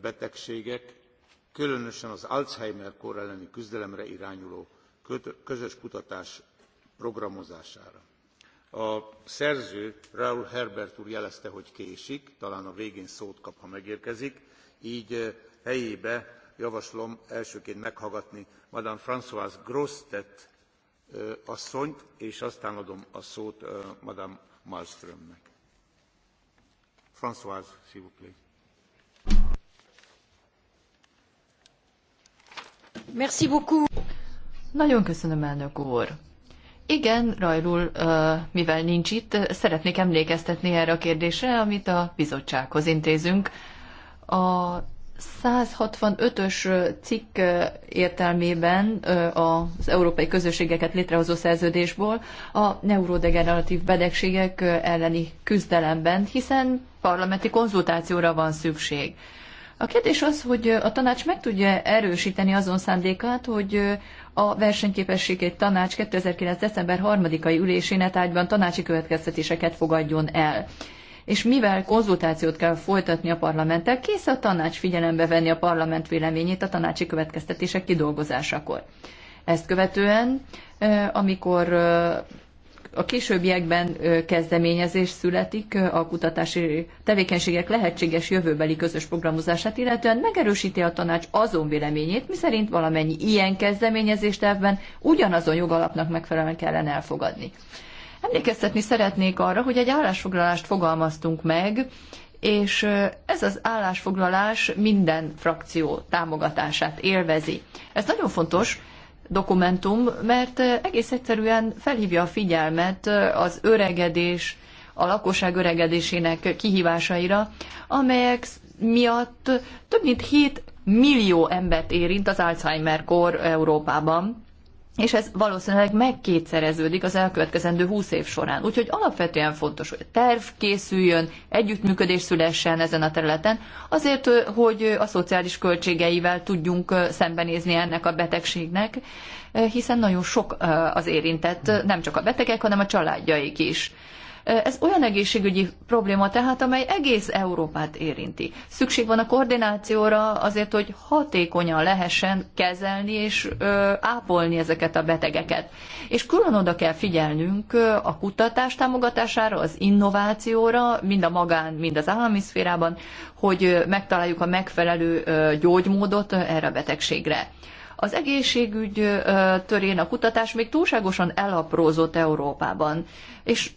betegségek, különösen az Alzheimer kór elleni küzdelemre irányuló közös kutatás programozására. A szerző Raul Herbert úr jelezte, hogy késik, talán a végén szót kap, ha megérkezik, így helyébe javaslom elsőként meghallgatni Madame Françoise grossette asszonyt, és aztán adom a szót Madame Malmströmnek. Françoise, s'il vous plait. Merci beaucoup. Nagyon köszönöm, elnök úr. Igen, Rajlul, mivel nincs itt, szeretnék emlékeztetni erre a kérdésre, amit a bizottsághoz intézünk. A 165-ös cikk értelmében az európai közösségeket létrehozó szerződésból a neurodegeneratív betegségek elleni küzdelemben, hiszen parlamenti konzultációra van szükség. A kérdés az, hogy a tanács meg tudja erősíteni azon szándékát, hogy a versenyképességét tanács 2009. december 3-ai ülésén ágyban tanácsi következtetéseket fogadjon el. És mivel konzultációt kell folytatni a parlamenttel, kész a tanács figyelembe venni a parlament véleményét a tanácsi következtetések kidolgozásakor. Ezt követően, amikor a későbbiekben kezdeményezés születik a kutatási tevékenységek lehetséges jövőbeli közös programozását, illetően megerősíti a tanács azon véleményét, miszerint valamennyi ilyen kezdeményezést ebben ugyanazon jogalapnak megfelelően kellene elfogadni. Emlékeztetni szeretnék arra, hogy egy állásfoglalást fogalmaztunk meg, és ez az állásfoglalás minden frakció támogatását élvezi. Ez nagyon fontos, dokumentum, mert eh, egész egyszerűen felhívja a figyelmet eh, az öregedés, a lakosság öregedésének kihívásaira, amelyek miatt több mint 7 millió embert érint az Alzheimer-kor Európában és ez valószínűleg megkétszereződik az elkövetkezendő 20 év során. Úgyhogy alapvetően fontos, hogy a terv készüljön, együttműködés szülessen ezen a területen, azért, hogy a szociális költségeivel tudjunk szembenézni ennek a betegségnek, hiszen nagyon sok az érintett, nem csak a betegek, hanem a családjaik is. Ez olyan egészségügyi probléma tehát, amely egész Európát érinti. Szükség van a koordinációra azért, hogy hatékonyan lehessen kezelni és ápolni ezeket a betegeket. És külön oda kell figyelnünk a kutatás támogatására, az innovációra, mind a magán, mind az állami szférában, hogy megtaláljuk a megfelelő gyógymódot erre a betegségre. Az egészségügy törén a kutatás még túlságosan elaprózott Európában, és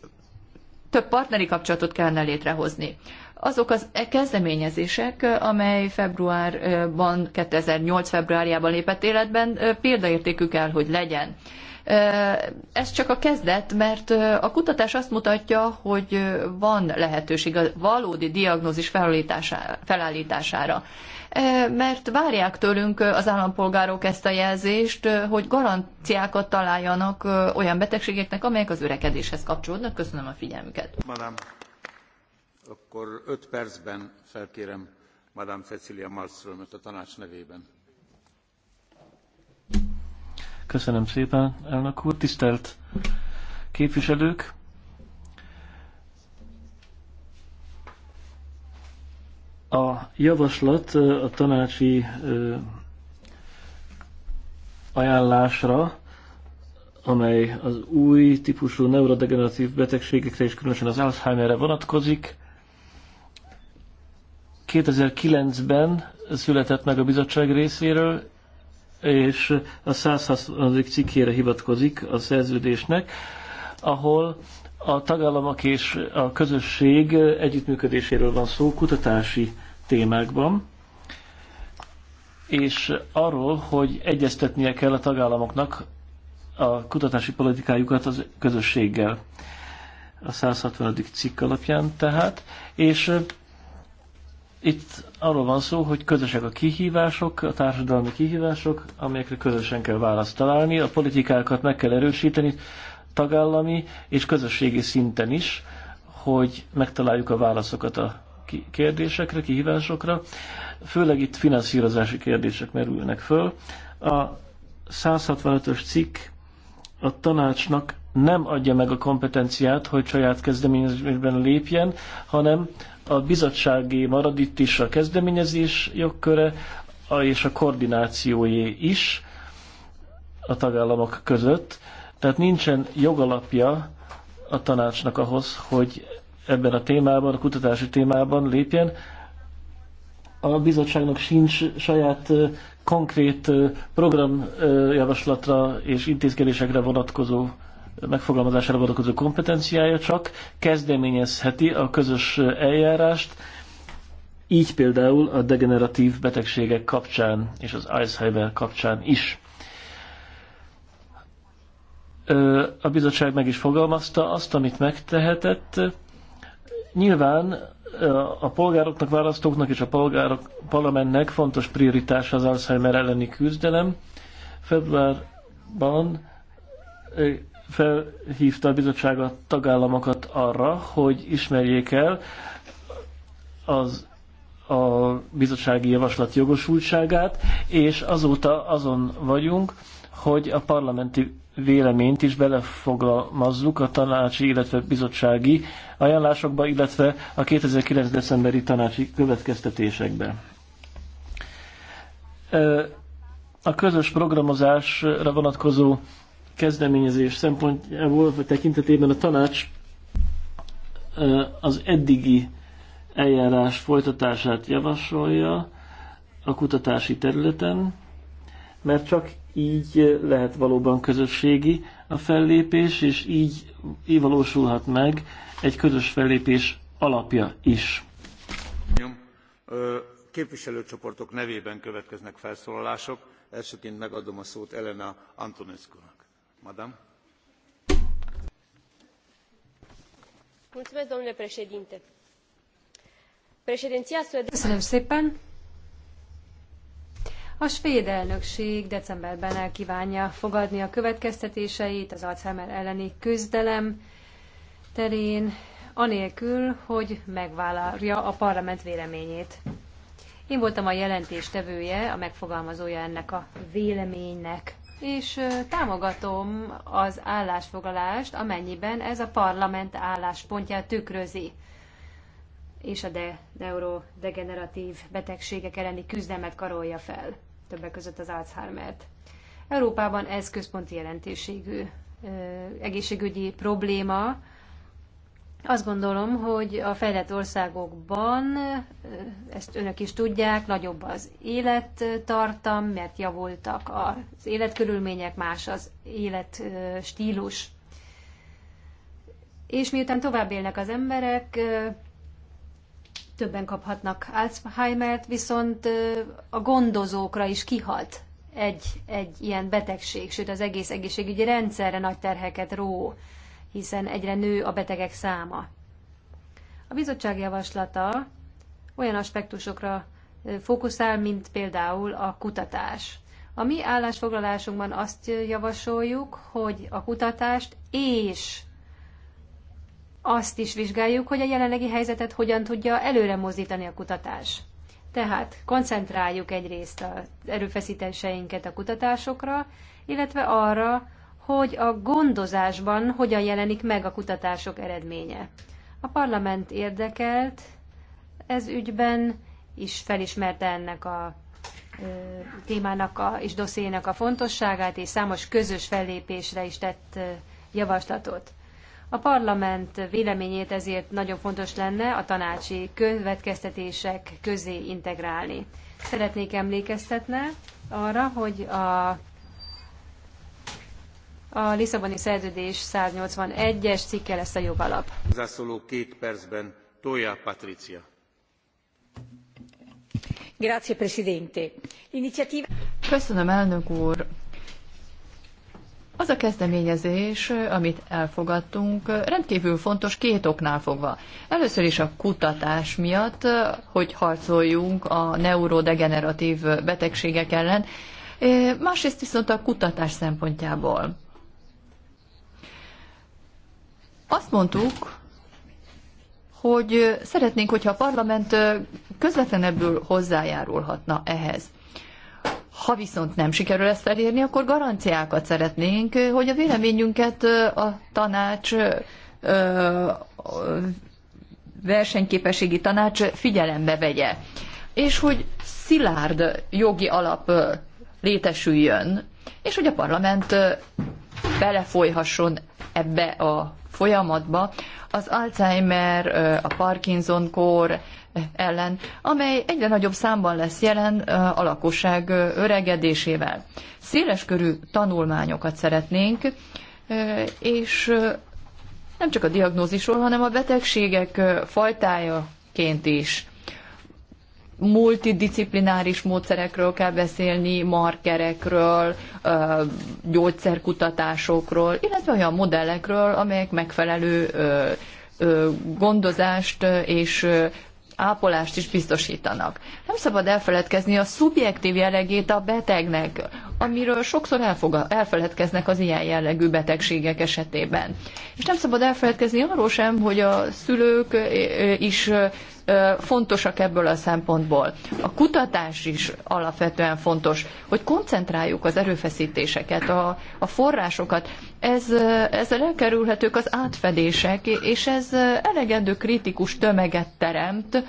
több partneri kapcsolatot kellene létrehozni. Azok az kezdeményezések, amely februárban, 2008 februárjában lépett életben, példaértékű kell, hogy legyen. Ez csak a kezdet, mert a kutatás azt mutatja, hogy van lehetőség a valódi diagnózis felállítására. Eh, mert várják tőlünk eh, az állampolgárok ezt a jelzést, eh, hogy garanciákat találjanak olyan betegségeknek, amelyek az örekedéshez kapcsolódnak. Köszönöm a figyelmüket. Madame, akkor öt percben felkérem Madame Cecilia Malmströmöt a tanács nevében. Köszönöm szépen, elnök úr. Tisztelt képviselők! A javaslat a tanácsi ajánlásra, amely az új típusú neurodegeneratív betegségekre és különösen az Alzheimerre vonatkozik. 2009-ben született meg a bizottság részéről, és a 160. cikkére hivatkozik a szerződésnek, ahol a tagállamok és a közösség együttműködéséről van szó kutatási témákban, és arról, hogy egyeztetnie kell a tagállamoknak a kutatási politikájukat az közösséggel. A 160. cikk alapján tehát, és itt arról van szó, hogy közösek a kihívások, a társadalmi kihívások, amelyekre közösen kell választ találni, a politikákat meg kell erősíteni, tagállami és közösségi szinten is, hogy megtaláljuk a válaszokat a kérdésekre, kihívásokra. Főleg itt finanszírozási kérdések merülnek föl. A 165-ös cikk a tanácsnak nem adja meg a kompetenciát, hogy saját kezdeményezésben lépjen, hanem a bizottságé marad itt is a kezdeményezés jogköre, és a koordinációjé is a tagállamok között tehát nincsen jogalapja a tanácsnak ahhoz, hogy ebben a témában, a kutatási témában lépjen. A bizottságnak sincs saját konkrét programjavaslatra és intézkedésekre vonatkozó megfogalmazására vonatkozó kompetenciája csak kezdeményezheti a közös eljárást, így például a degeneratív betegségek kapcsán és az Alzheimer kapcsán is a bizottság meg is fogalmazta azt, amit megtehetett. Nyilván a polgároknak, választóknak és a polgárok parlamentnek fontos prioritás az Alzheimer elleni küzdelem. Februárban felhívta a bizottság a tagállamokat arra, hogy ismerjék el az a bizottsági javaslat jogosultságát, és azóta azon vagyunk, hogy a parlamenti véleményt is belefoglalmazzuk a tanácsi, illetve bizottsági ajánlásokba, illetve a 2009. decemberi tanácsi következtetésekbe. A közös programozásra vonatkozó kezdeményezés szempontjából, vagy tekintetében a tanács az eddigi eljárás folytatását javasolja a kutatási területen, mert csak így eh, lehet valóban közösségi a fellépés, és így, valósulhat meg egy közös fellépés alapja is. Képviselőcsoportok nevében következnek felszólalások. Elsőként megadom a szót Elena Antonescu-nak. Madame. Mulțumesc, domnule președinte. Președinția suedeză... Köszönöm szépen. A svéd elnökség decemberben elkívánja fogadni a következtetéseit az Alzheimer elleni küzdelem terén, anélkül, hogy megvállalja a parlament véleményét. Én voltam a jelentéstevője, a megfogalmazója ennek a véleménynek, és támogatom az állásfoglalást, amennyiben ez a parlament álláspontját tükrözi és a de, neurodegeneratív betegségek elleni küzdelmet karolja fel többek között az Alzheimer-t. Európában ez központi jelentőségű egészségügyi probléma. Azt gondolom, hogy a fejlett országokban, ezt önök is tudják, nagyobb az élettartam, mert javultak az életkörülmények, más az életstílus. És miután tovább élnek az emberek, Többen kaphatnak Alzheimer-t, viszont a gondozókra is kihalt egy, egy ilyen betegség, sőt az egész egészségügyi rendszerre nagy terheket ró, hiszen egyre nő a betegek száma. A bizottság javaslata olyan aspektusokra fókuszál, mint például a kutatás. A mi állásfoglalásunkban azt javasoljuk, hogy a kutatást és azt is vizsgáljuk, hogy a jelenlegi helyzetet hogyan tudja előre mozdítani a kutatás. Tehát koncentráljuk egyrészt az erőfeszítéseinket a kutatásokra, illetve arra, hogy a gondozásban hogyan jelenik meg a kutatások eredménye. A parlament érdekelt ez ügyben, is felismerte ennek a ö, témának a, és dossziénak a fontosságát, és számos közös fellépésre is tett ö, javaslatot. A parlament véleményét ezért nagyon fontos lenne a tanácsi következtetések közé integrálni. Szeretnék emlékeztetne arra, hogy a a Lisszaboni Szerződés 181-es cikke lesz a jogalap. Zászóló két percben Tója Patricia. Grazie, Presidente. Iniziativa... Köszönöm, elnök úr. Az a kezdeményezés, amit elfogadtunk, rendkívül fontos két oknál fogva. Először is a kutatás miatt, hogy harcoljunk a neurodegeneratív betegségek ellen, másrészt viszont a kutatás szempontjából. Azt mondtuk, hogy szeretnénk, hogyha a parlament közvetlenebbül hozzájárulhatna ehhez. Ha viszont nem sikerül ezt elérni, akkor garanciákat szeretnénk, eh, hogy a véleményünket eh, a tanács eh, versenyképességi tanács figyelembe vegye, és hogy szilárd jogi alap létesüljön, és hogy a parlament belefolyhasson ebbe a folyamatba az Alzheimer, a Parkinson-kór ellen, amely egyre nagyobb számban lesz jelen a lakosság öregedésével. körű tanulmányokat szeretnénk, és nem csak a diagnózisról, hanem a betegségek fajtájaként is multidisciplináris módszerekről kell beszélni, markerekről, gyógyszerkutatásokról, illetve olyan modellekről, amelyek megfelelő gondozást és ápolást is biztosítanak. Nem szabad elfeledkezni a szubjektív jellegét a betegnek, amiről sokszor elfoga, elfeledkeznek az ilyen jellegű betegségek esetében. És nem szabad elfeledkezni arról sem, hogy a szülők is fontosak ebből a szempontból. A kutatás is alapvetően fontos, hogy koncentráljuk az erőfeszítéseket, a, a forrásokat. Ez, ezzel elkerülhetők az átfedések, és ez elegendő kritikus tömeget teremt,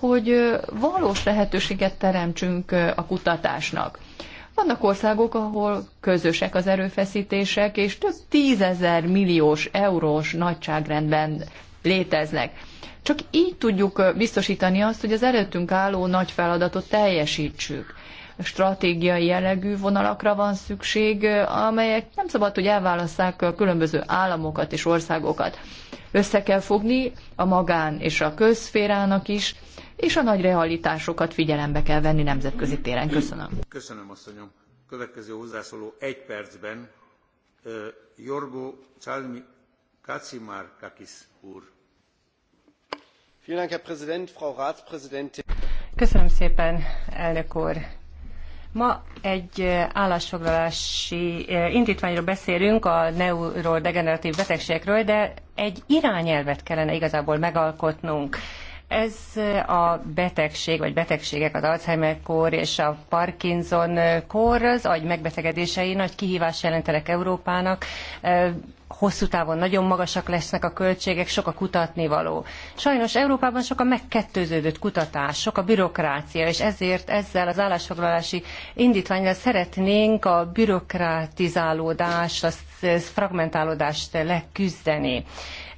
hogy valós lehetőséget teremtsünk a kutatásnak. Vannak országok, ahol közösek az erőfeszítések, és több tízezer milliós eurós nagyságrendben léteznek. Csak így tudjuk biztosítani azt, hogy az előttünk álló nagy feladatot teljesítsük. Stratégiai jellegű vonalakra van szükség, amelyek nem szabad, hogy elválasszák a különböző államokat és országokat. Össze kell fogni a magán és a közszférának is, és a nagy realitásokat figyelembe kell venni nemzetközi téren. Köszönöm. Köszönöm, asszonyom. Következő hozzászóló egy percben Jorgo Csalmi Kakis úr. Köszönöm szépen, elnök úr! Ma egy állásfoglalási indítványról beszélünk a neurodegeneratív betegségekről, de egy irányelvet kellene igazából megalkotnunk. Ez a betegség, vagy betegségek, az Alzheimer-kór és a Parkinson-kór, az agy megbetegedései nagy kihívás jelentenek Európának. Hosszú távon nagyon magasak lesznek a költségek, sok a kutatnivaló. Sajnos Európában sok a megkettőződött kutatás, sok a bürokrácia, és ezért ezzel az állásfoglalási indítványra szeretnénk a bürokratizálódást, a fragmentálódást leküzdeni.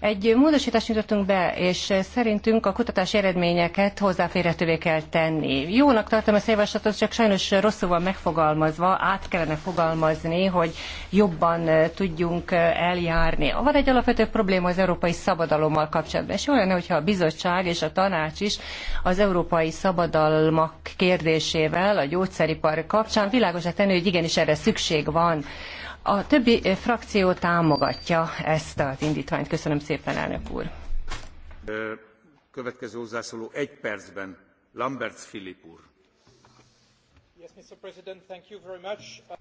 Egy módosítást nyújtottunk be, és szerintünk a kutatási eredményeket hozzáférhetővé kell tenni. Jónak tartom ezt a javaslatot, csak sajnos rosszul van megfogalmazva, át kellene fogalmazni, hogy jobban tudjunk eljárni. Van egy alapvető probléma az európai szabadalommal kapcsolatban, és olyan, hogyha a bizottság és a tanács is az európai szabadalmak kérdésével a gyógyszeripar kapcsán világosra tenni, hogy igenis erre szükség van a többi eh, frakció támogatja ezt az indítványt. Köszönöm szépen, elnök úr. Következő hozzászóló egy percben, Lamberts Filip úr.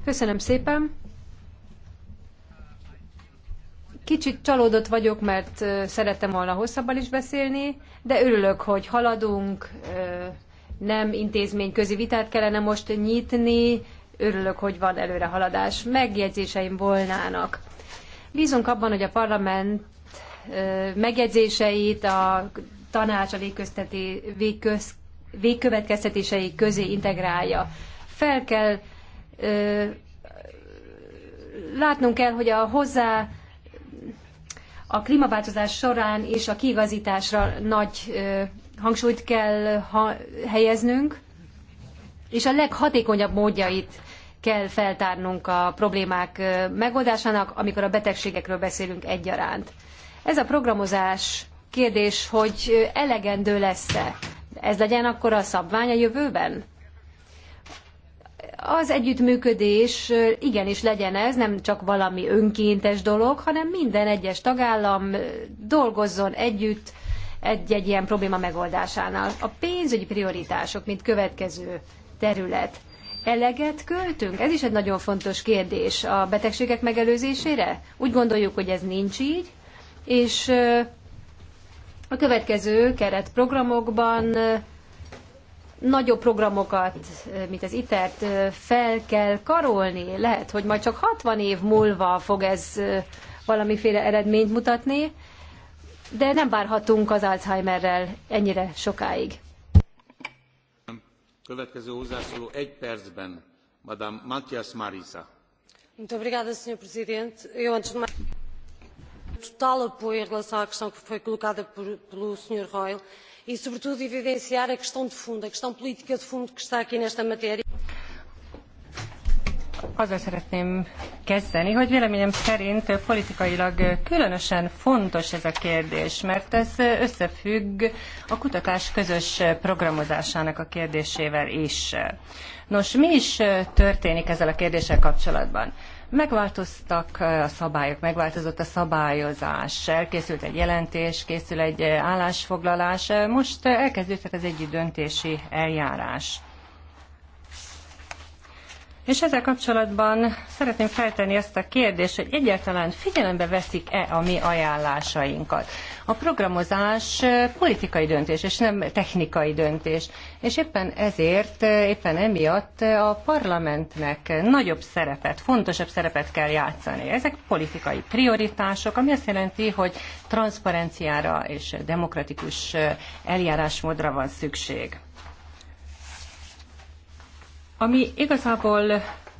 Köszönöm szépen. Kicsit csalódott vagyok, mert szerettem volna hosszabban is beszélni, de örülök, hogy haladunk, nem intézményközi vitát kellene most nyitni, örülök, hogy van előrehaladás. Megjegyzéseim volnának. Bízunk abban, hogy a parlament megjegyzéseit a tanács a végköz, végkövetkeztetései közé integrálja. Fel kell ö, látnunk kell, hogy a hozzá a klímaváltozás során és a kiigazításra nagy ö, hangsúlyt kell ha, helyeznünk, és a leghatékonyabb módjait kell feltárnunk a problémák megoldásának, amikor a betegségekről beszélünk egyaránt. Ez a programozás kérdés, hogy elegendő lesz-e. Ez legyen akkor a szabvány a jövőben? Az együttműködés igenis legyen ez, nem csak valami önkéntes dolog, hanem minden egyes tagállam dolgozzon együtt egy-egy ilyen probléma megoldásánál. A pénzügyi prioritások, mint következő terület eleget költünk? Ez is egy nagyon fontos kérdés a betegségek megelőzésére. Úgy gondoljuk, hogy ez nincs így, és a következő keretprogramokban nagyobb programokat, mint az ITERT, fel kell karolni. Lehet, hogy majd csak 60 év múlva fog ez valamiféle eredményt mutatni, de nem várhatunk az Alzheimerrel ennyire sokáig. Következő Presidente. Eu, antes de mais, um total apoio em relação à questão que foi colocada pelo Sr. reul e, sobretudo, evidenciar a questão de fundo, a questão política de fundo que está aqui nesta matéria azzal szeretném kezdeni, hogy véleményem szerint politikailag különösen fontos ez a kérdés, mert ez összefügg a kutatás közös programozásának a kérdésével is. Nos, mi is történik ezzel a kérdéssel kapcsolatban? Megváltoztak a szabályok, megváltozott a szabályozás, elkészült egy jelentés, készül egy állásfoglalás, most elkezdődhet az együtt döntési eljárás. És ezzel kapcsolatban szeretném feltenni ezt a kérdést, hogy egyáltalán figyelembe veszik-e a mi ajánlásainkat. A programozás politikai döntés, és nem technikai döntés. És éppen ezért, éppen emiatt a parlamentnek nagyobb szerepet, fontosabb szerepet kell játszani. Ezek politikai prioritások, ami azt jelenti, hogy transzparenciára és demokratikus eljárásmódra van szükség ami igazából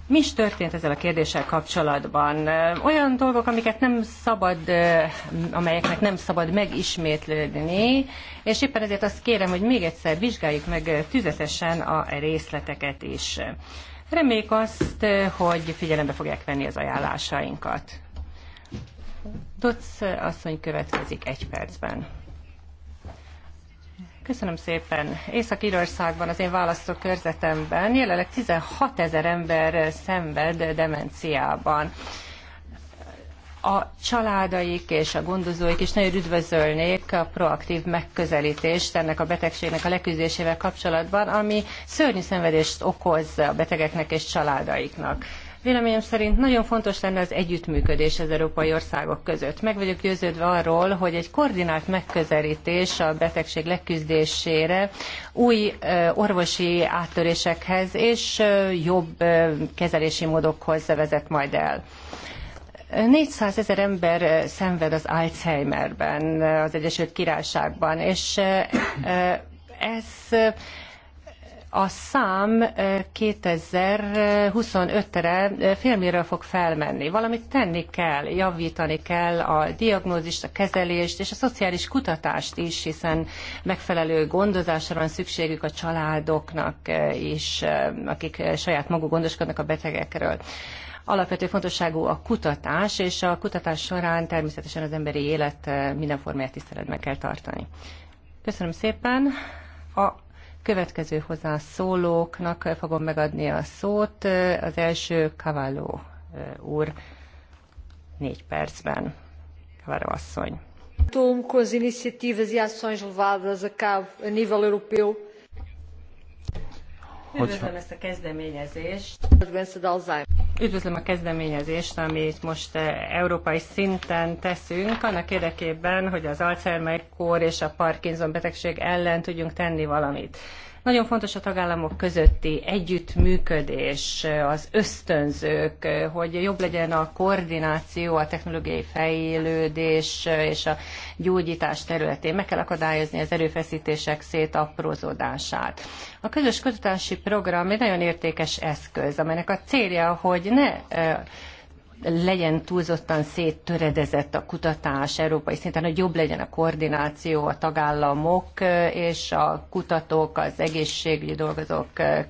mi is történt ezzel a kérdéssel kapcsolatban? Olyan dolgok, amiket nem szabad, amelyeknek nem szabad megismétlődni, és éppen ezért azt kérem, hogy még egyszer vizsgáljuk meg tüzetesen a részleteket is. Reméljük azt, hogy figyelembe fogják venni az ajánlásainkat. Dutz asszony következik egy percben. Köszönöm szépen. Észak-Írországban, az én választókörzetemben jelenleg 16 ezer ember szenved demenciában a családaik és a gondozóik is nagyon üdvözölnék a proaktív megközelítést ennek a betegségnek a leküzdésével kapcsolatban, ami szörnyű szenvedést okoz a betegeknek és családaiknak. Véleményem szerint nagyon fontos lenne az együttműködés az európai országok között. Meg vagyok győződve arról, hogy egy koordinált megközelítés a betegség leküzdésére új orvosi áttörésekhez és jobb kezelési módokhoz vezet majd el. 400 ezer ember szenved az Alzheimerben az Egyesült Királyságban, és ez a szám 2025-re félmérről fog felmenni. Valamit tenni kell, javítani kell a diagnózist, a kezelést és a szociális kutatást is, hiszen megfelelő gondozásra van szükségük a családoknak is, akik saját maguk gondoskodnak a betegekről alapvető fontosságú a kutatás, és a kutatás során természetesen az emberi élet minden formáját tiszteletben kell tartani. Köszönöm szépen. A Következő hozzászólóknak fogom megadni a szót. Az első Kavalló úr négy percben. Kavalló asszony. Tom, com as iniciativas e ações levadas a cabo a nível europeu, Üdvözlöm ezt a kezdeményezést. Üdvözlöm a kezdeményezést, amit most eh, európai szinten teszünk, annak érdekében, hogy az Alzheimer kór és a Parkinson betegség ellen tudjunk tenni valamit. Nagyon fontos a tagállamok közötti együttműködés, az ösztönzők, hogy jobb legyen a koordináció, a technológiai fejlődés és a gyógyítás területén. Meg kell akadályozni az erőfeszítések szétaprózódását. A közös kutatási program egy nagyon értékes eszköz, amelynek a célja, hogy ne legyen túlzottan széttöredezett a kutatás európai szinten, hogy jobb legyen a koordináció a tagállamok és a kutatók, az egészségügyi dolgozók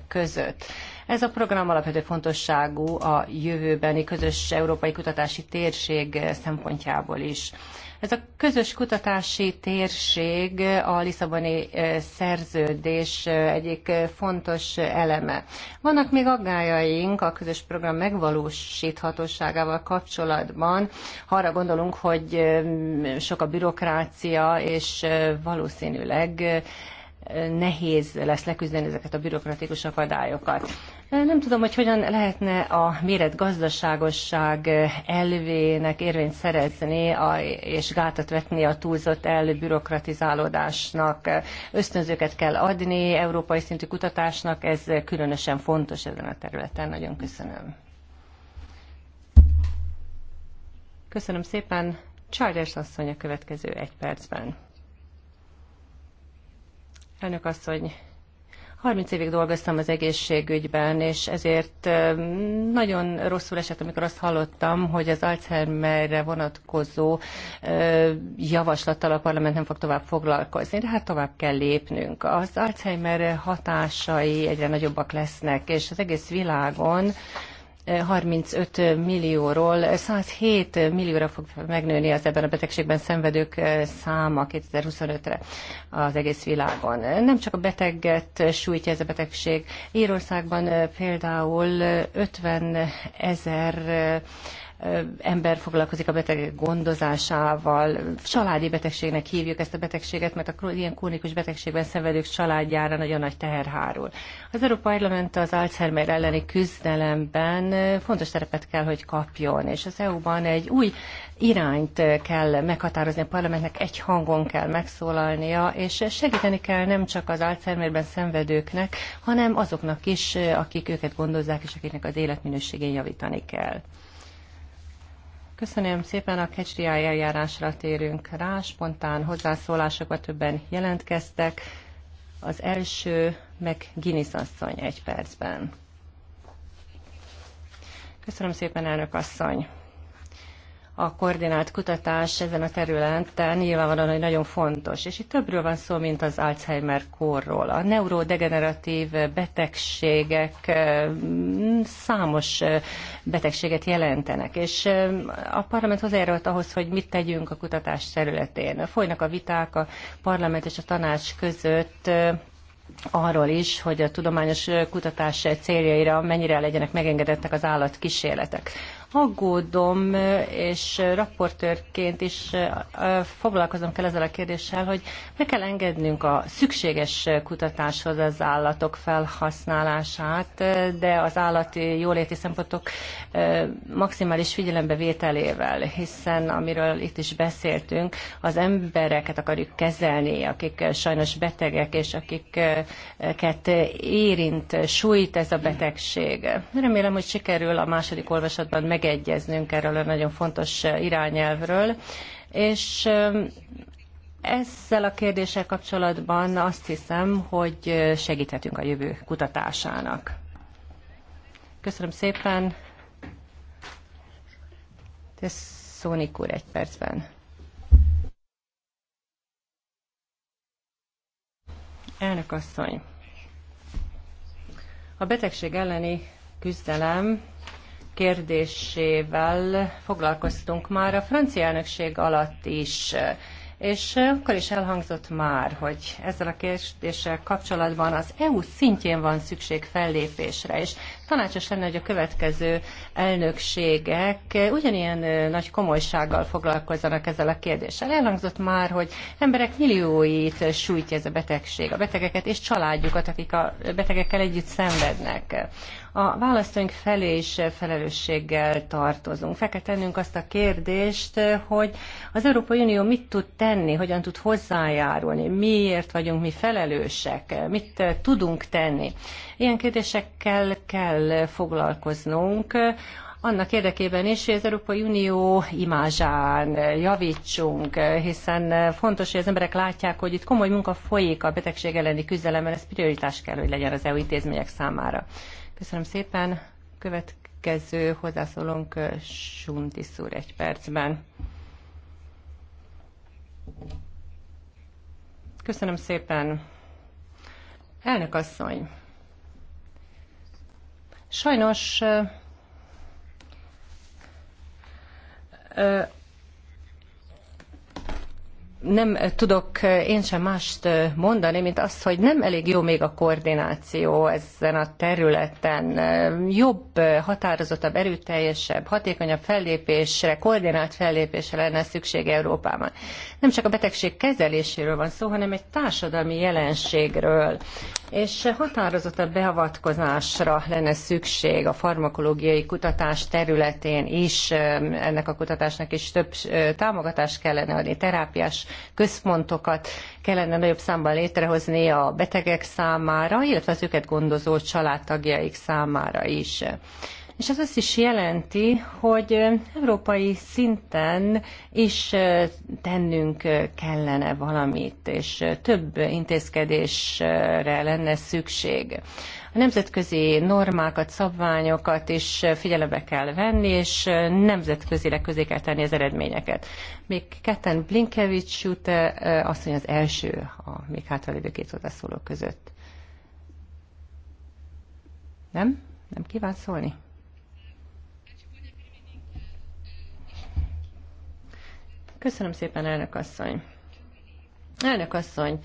között. Ez a program alapvető fontosságú a jövőbeni közös európai kutatási térség szempontjából is. Ez a közös kutatási térség a Lisszaboni szerződés egyik fontos eleme. Vannak még aggájaink a közös program megvalósíthatóságával kapcsolatban. Ha arra gondolunk, hogy sok a bürokrácia, és valószínűleg nehéz lesz leküzdeni ezeket a bürokratikus akadályokat. Nem tudom, hogy hogyan lehetne a méret gazdaságosság elvének érvényt szerezni a, és gátat vetni a túlzott elbürokratizálódásnak. Ösztönzőket kell adni európai szintű kutatásnak, ez különösen fontos ezen a területen. Nagyon köszönöm. Köszönöm szépen. Csárdás asszony a következő egy percben. Elnök asszony, 30 évig dolgoztam az egészségügyben, és ezért nagyon rosszul esett, amikor azt hallottam, hogy az Alzheimerre vonatkozó javaslattal a parlament nem fog tovább foglalkozni, de hát tovább kell lépnünk. Az Alzheimer hatásai egyre nagyobbak lesznek, és az egész világon 35 millióról 107 millióra fog megnőni az ebben a betegségben szenvedők eh, száma 2025-re az egész világon. Nem csak a beteget sújtja ez a betegség. Írországban eh, például 50 eh, ezer ember foglalkozik a betegek gondozásával, családi betegségnek hívjuk ezt a betegséget, mert a ilyen krónikus betegségben szenvedők családjára nagyon nagy teher hárul. Az Európai Parlament az Alzheimer elleni küzdelemben fontos szerepet kell, hogy kapjon, és az EU-ban egy új irányt kell meghatározni a parlamentnek, egy hangon kell megszólalnia, és segíteni kell nem csak az Alzheimerben szenvedőknek, hanem azoknak is, akik őket gondozzák, és akiknek az életminőségén javítani kell. Köszönöm szépen, a kecsri eljárásra térünk rá. Spontán hozzászólásokat többen jelentkeztek. Az első meg Guinness asszony egy percben. Köszönöm szépen, elnök asszony a koordinált kutatás ezen a területen nyilvánvalóan, hogy nagyon fontos. És itt többről van szó, mint az Alzheimer korról. A neurodegeneratív betegségek számos betegséget jelentenek, és a parlament hozzájárult ahhoz, hogy mit tegyünk a kutatás területén. Folynak a viták a parlament és a tanács között arról is, hogy a tudományos kutatás céljaira mennyire legyenek megengedettek az állatkísérletek aggódom, és raportőrként is foglalkozom kell ezzel a kérdéssel, hogy meg kell engednünk a szükséges kutatáshoz az állatok felhasználását, de az állati jóléti szempontok maximális figyelembe vételével, hiszen amiről itt is beszéltünk, az embereket akarjuk kezelni, akik sajnos betegek, és akiket érint, sújt ez a betegség. Remélem, hogy sikerül a második olvasatban meg megegyeznünk erről a nagyon fontos eh, irányelvről, és eh, ezzel a kérdéssel kapcsolatban azt hiszem, hogy eh, segíthetünk a jövő kutatásának. Köszönöm szépen. Szónik úr egy percben. Elnök asszony, a betegség elleni küzdelem kérdésével foglalkoztunk már a francia elnökség alatt is, és akkor is elhangzott már, hogy ezzel a kérdéssel kapcsolatban az EU szintjén van szükség fellépésre, és tanácsos lenne, hogy a következő elnökségek ugyanilyen nagy komolysággal foglalkozzanak ezzel a kérdéssel. Elhangzott már, hogy emberek millióit sújtja ez a betegség, a betegeket és családjukat, akik a betegekkel együtt szenvednek a választóink felé is felelősséggel tartozunk. Fel kell tennünk azt a kérdést, hogy az Európai Unió mit tud tenni, hogyan tud hozzájárulni, miért vagyunk mi felelősek, mit tudunk tenni. Ilyen kérdésekkel kell foglalkoznunk, annak érdekében is, hogy az Európai Unió imázsán javítsunk, hiszen fontos, hogy az emberek látják, hogy itt komoly munka folyik a betegség elleni küzdelemben, ez prioritás kell, hogy legyen az EU intézmények számára. Köszönöm szépen. Következő hozzászólónk Suntis úr egy percben. Köszönöm szépen. Elnök asszony, sajnos nem tudok eh, én sem mást eh, mondani, mint azt, hogy nem elég jó még a koordináció ezen a területen. Eh, jobb, határozottabb, erőteljesebb, hatékonyabb fellépésre, koordinált fellépésre lenne szükség Európában. Nem csak a betegség kezeléséről van szó, hanem egy társadalmi jelenségről. És határozottabb beavatkozásra lenne szükség a farmakológiai kutatás területén is. Ennek a kutatásnak is több támogatást kellene adni, terápiás központokat kellene nagyobb számban létrehozni a betegek számára, illetve az őket gondozó családtagjaik számára is. És ez azt is jelenti, hogy európai szinten is tennünk kellene valamit, és több intézkedésre lenne szükség. A nemzetközi normákat, szabványokat is figyelembe kell venni, és nemzetközileg közé kell tenni az eredményeket. Még ketten Blinkevics jut azt mondja az első a még hátralévő két hozzászóló között. Nem? Nem kíván szólni? Köszönöm szépen, elnök asszony. Elnök asszony,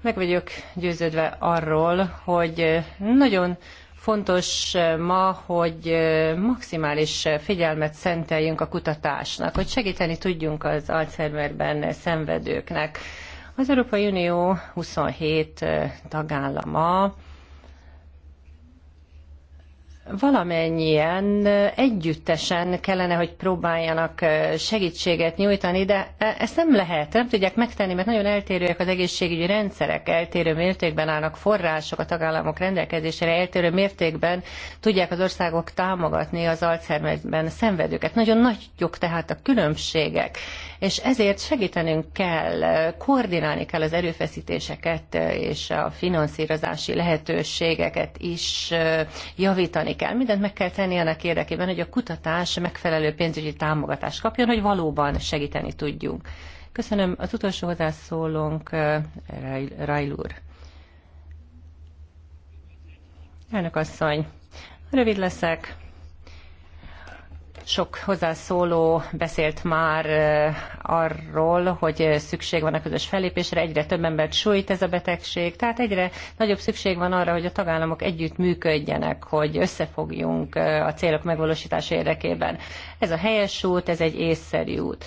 meg vagyok győződve arról, hogy nagyon fontos ma, hogy maximális figyelmet szenteljünk a kutatásnak, hogy segíteni tudjunk az Alzheimerben szenvedőknek. Az Európai Unió 27 tagállama valamennyien együttesen kellene, hogy próbáljanak segítséget nyújtani, de ezt nem lehet, nem tudják megtenni, mert nagyon eltérőek az egészségügyi rendszerek, eltérő mértékben állnak források a tagállamok rendelkezésére, eltérő mértékben tudják az országok támogatni az Alzheimerben szenvedőket. Nagyon nagyok tehát a különbségek, és ezért segítenünk kell, koordinálni kell az erőfeszítéseket és a finanszírozási lehetőségeket is javítani kell. Mindent meg kell tenni annak érdekében, hogy a kutatás megfelelő pénzügyi támogatást kapjon, hogy valóban segíteni tudjunk. Köszönöm. Az utolsó hozzászólónk eh, Rajl úr. Elnök asszony, rövid leszek. Sok hozzászóló beszélt már arról, hogy szükség van a közös fellépésre, egyre több embert sújt ez a betegség, tehát egyre nagyobb szükség van arra, hogy a tagállamok együtt működjenek, hogy összefogjunk a célok megvalósítása érdekében. Ez a helyes út, ez egy észszerű út.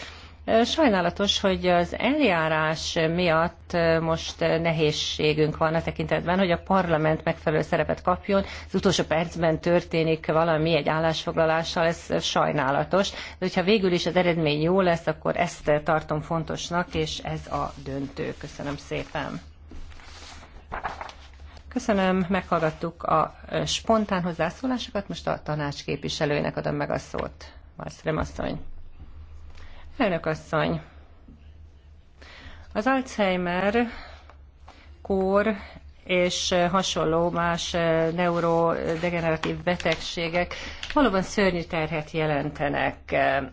Sajnálatos, hogy az eljárás miatt most nehézségünk van a tekintetben, hogy a parlament megfelelő szerepet kapjon. Az utolsó percben történik valami egy állásfoglalással, ez sajnálatos. De hogyha végül is az eredmény jó lesz, akkor ezt tartom fontosnak, és ez a döntő. Köszönöm szépen. Köszönöm, meghallgattuk a spontán hozzászólásokat, most a tanács képviselőjének adom meg a szót. Marszrem asszony. Elnök asszony, az Alzheimer kór és hasonló más neurodegeneratív betegségek valóban szörnyű terhet jelentenek.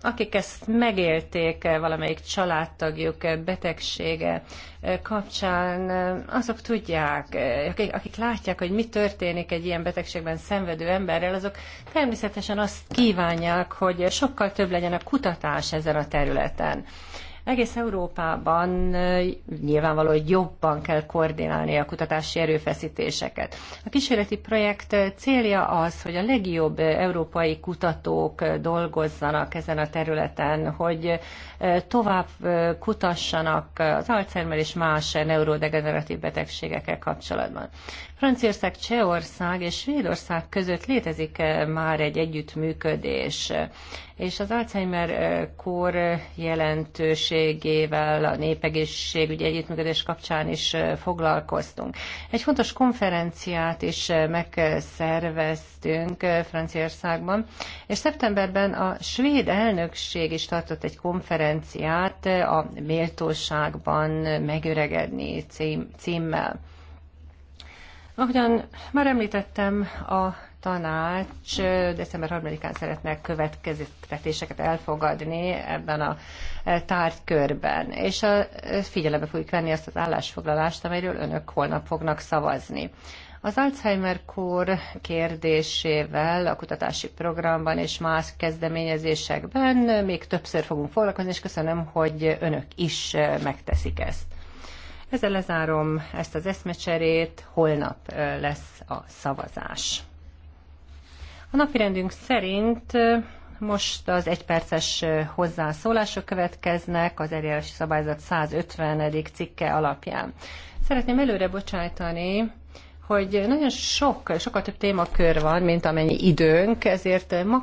Akik ezt megélték valamelyik családtagjuk betegsége kapcsán, azok tudják, akik, akik látják, hogy mi történik egy ilyen betegségben szenvedő emberrel, azok természetesen azt kívánják, hogy sokkal több legyen a kutatás ezen a területen. Egész Európában nyilvánvaló, hogy jobban kell koordinálni a kutatási erőfeszítéseket. A kísérleti projekt célja az, hogy a legjobb európai kutatók dolgozzanak ezen a területen, hogy tovább kutassanak az Alzheimer és más neurodegeneratív betegségekkel kapcsolatban. Franciaország, Csehország és Svédország között létezik már egy együttműködés, és az Alzheimer kor jelentőségével a népegészségügyi együttműködés kapcsán is foglalkoztunk. Egy fontos konferenciát is megszerveztünk Franciaországban, és szeptemberben a svéd elnökség is tartott egy konferenciát, konferenciát a méltóságban megöregedni címmel. Ahogyan már említettem, a tanács december 3-án szeretne következtetéseket elfogadni ebben a tárgykörben, és a, figyelembe fogjuk venni azt az állásfoglalást, amelyről önök holnap fognak szavazni. Az Alzheimer-kór kérdésével a kutatási programban és más kezdeményezésekben még többször fogunk foglalkozni, és köszönöm, hogy önök is megteszik ezt. Ezzel lezárom ezt az eszmecserét, holnap lesz a szavazás. A napirendünk szerint most az egyperces hozzászólások következnek az eljárási szabályzat 150. cikke alapján. Szeretném előre bocsájtani hogy nagyon sok, sokkal több témakör van, mint amennyi időnk, ezért ma